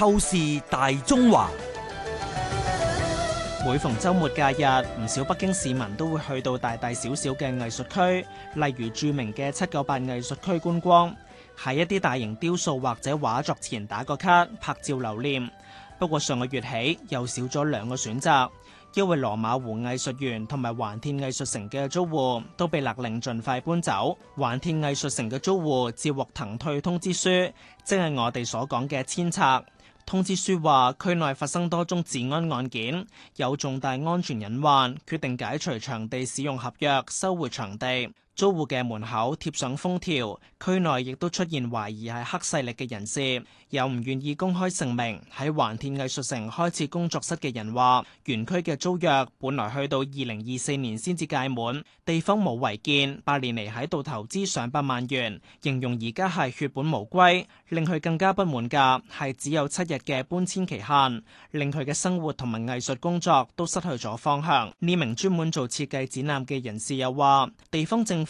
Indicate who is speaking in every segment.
Speaker 1: 透視大中華。每逢周末假日，唔少北京市民都會去到大大小小嘅藝術區，例如著名嘅七九八藝術區觀光，喺一啲大型雕塑或者畫作前打個卡拍照留念。不過上個月起又少咗兩個選擇，因為羅馬湖藝術園同埋環天藝術城嘅租戶都被勒令盡快搬走，環天藝術城嘅租戶接獲騰退通知書，即係我哋所講嘅遷拆。通知書話，區內發生多宗治安案件，有重大安全隱患，決定解除場地使用合約，收回場地。租戶嘅門口貼上封條，區內亦都出現懷疑係黑勢力嘅人士，又唔願意公開姓名。喺環田藝術城開設工作室嘅人話，園區嘅租約本來去到二零二四年先至屆滿，地方冇違建，八年嚟喺度投資上百萬元，形容而家係血本無歸。令佢更加不滿噶係只有七日嘅搬遷期限，令佢嘅生活同埋藝術工作都失去咗方向。呢名專門做設計展覽嘅人士又話，地方政府。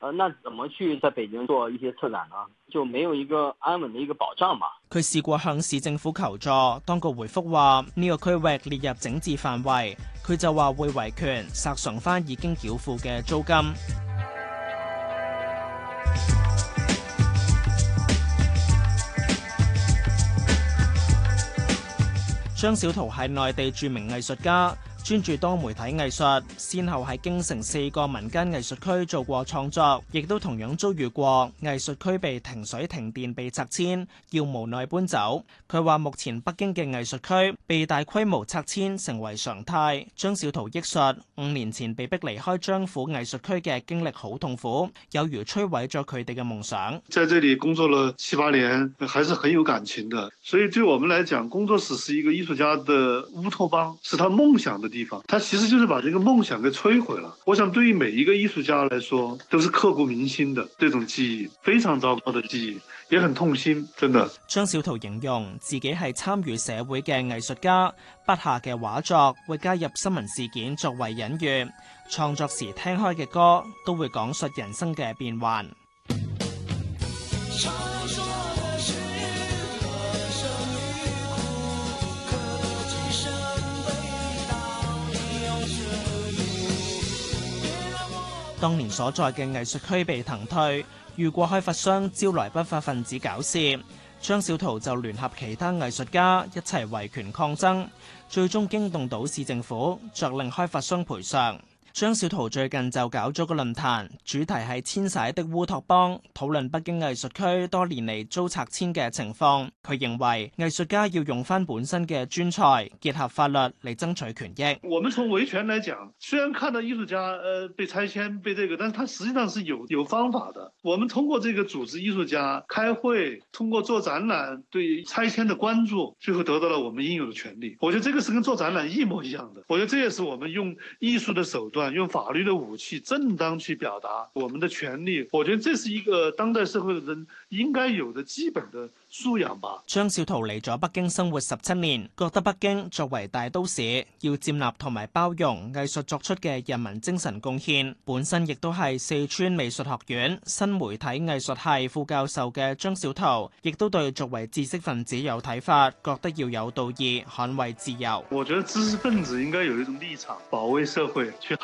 Speaker 2: 呃，那怎麼去在北京做一些策展呢？就沒有一個安穩的一個保障嘛？
Speaker 1: 佢試過向市政府求助，當局回覆話呢個區域列入整治範圍，佢就話會維權，索償返已經繳付嘅租金。張 小圖係內地著名藝術家。專注多媒體藝術，先後喺京城四個民間藝術區做過創作，亦都同樣遭遇過藝術區被停水停電、被拆遷，要無奈搬走。佢話目前北京嘅藝術區被大規模拆遷成為常態。張小圖憶述：「五年前被逼離開張府藝術區嘅經歷好痛苦，有如摧毀咗佢哋嘅夢想。
Speaker 3: 在這裏工作了七八年，還是很有感情的。所以對我們來講，工作室是一個藝術家的烏托邦，是他夢想的地方。他其實就是把這個夢想給摧毀了。我想，對於每一個藝術家來說，都是刻骨銘心的這種記憶，非常糟糕的記憶，也很痛心。真的，張
Speaker 1: 小圖形容自己係參與社會嘅藝術家，筆下嘅畫作會加入新聞事件作為隱喻，創作時聽開嘅歌都會講述人生嘅變幻。 當年所在嘅藝術區被騰退，如果開發商招來不法分子搞事，張小圖就聯合其他藝術家一齊維權抗爭，最終驚動到市政府，著令開發商賠償。張小圖最近就搞咗個論壇，主題係遷徙的烏托邦，討論北京藝術區多年嚟遭拆遷嘅情況。佢認為藝術家要用翻本身嘅專才，結合法律嚟爭取權益。
Speaker 3: 我們從維權來講，雖然看到藝術家呃被拆遷被這個，但是他實際上是有有方法的。我們通過這個組織藝術家開會，通過做展覽對拆遷的關注，最後得到了我們應有的權利。我覺得這個是跟做展覽一模一樣的。我覺得這也是我們用藝術的手段。用法律的武器正當去表達我們的權利，我覺得這是一個當代社會的人應該有的基本的素養吧。
Speaker 1: 張小濤嚟咗北京生活十七年，覺得北京作為大都市，要接納同埋包容藝術作出嘅人民精神貢獻。本身亦都係四川美術學院新媒體藝術系副教授嘅張小濤亦都對作為知識分子有睇法，覺得要有道義捍衛自由。我覺得
Speaker 3: 知識分子應該有一種立場，保衛社會去，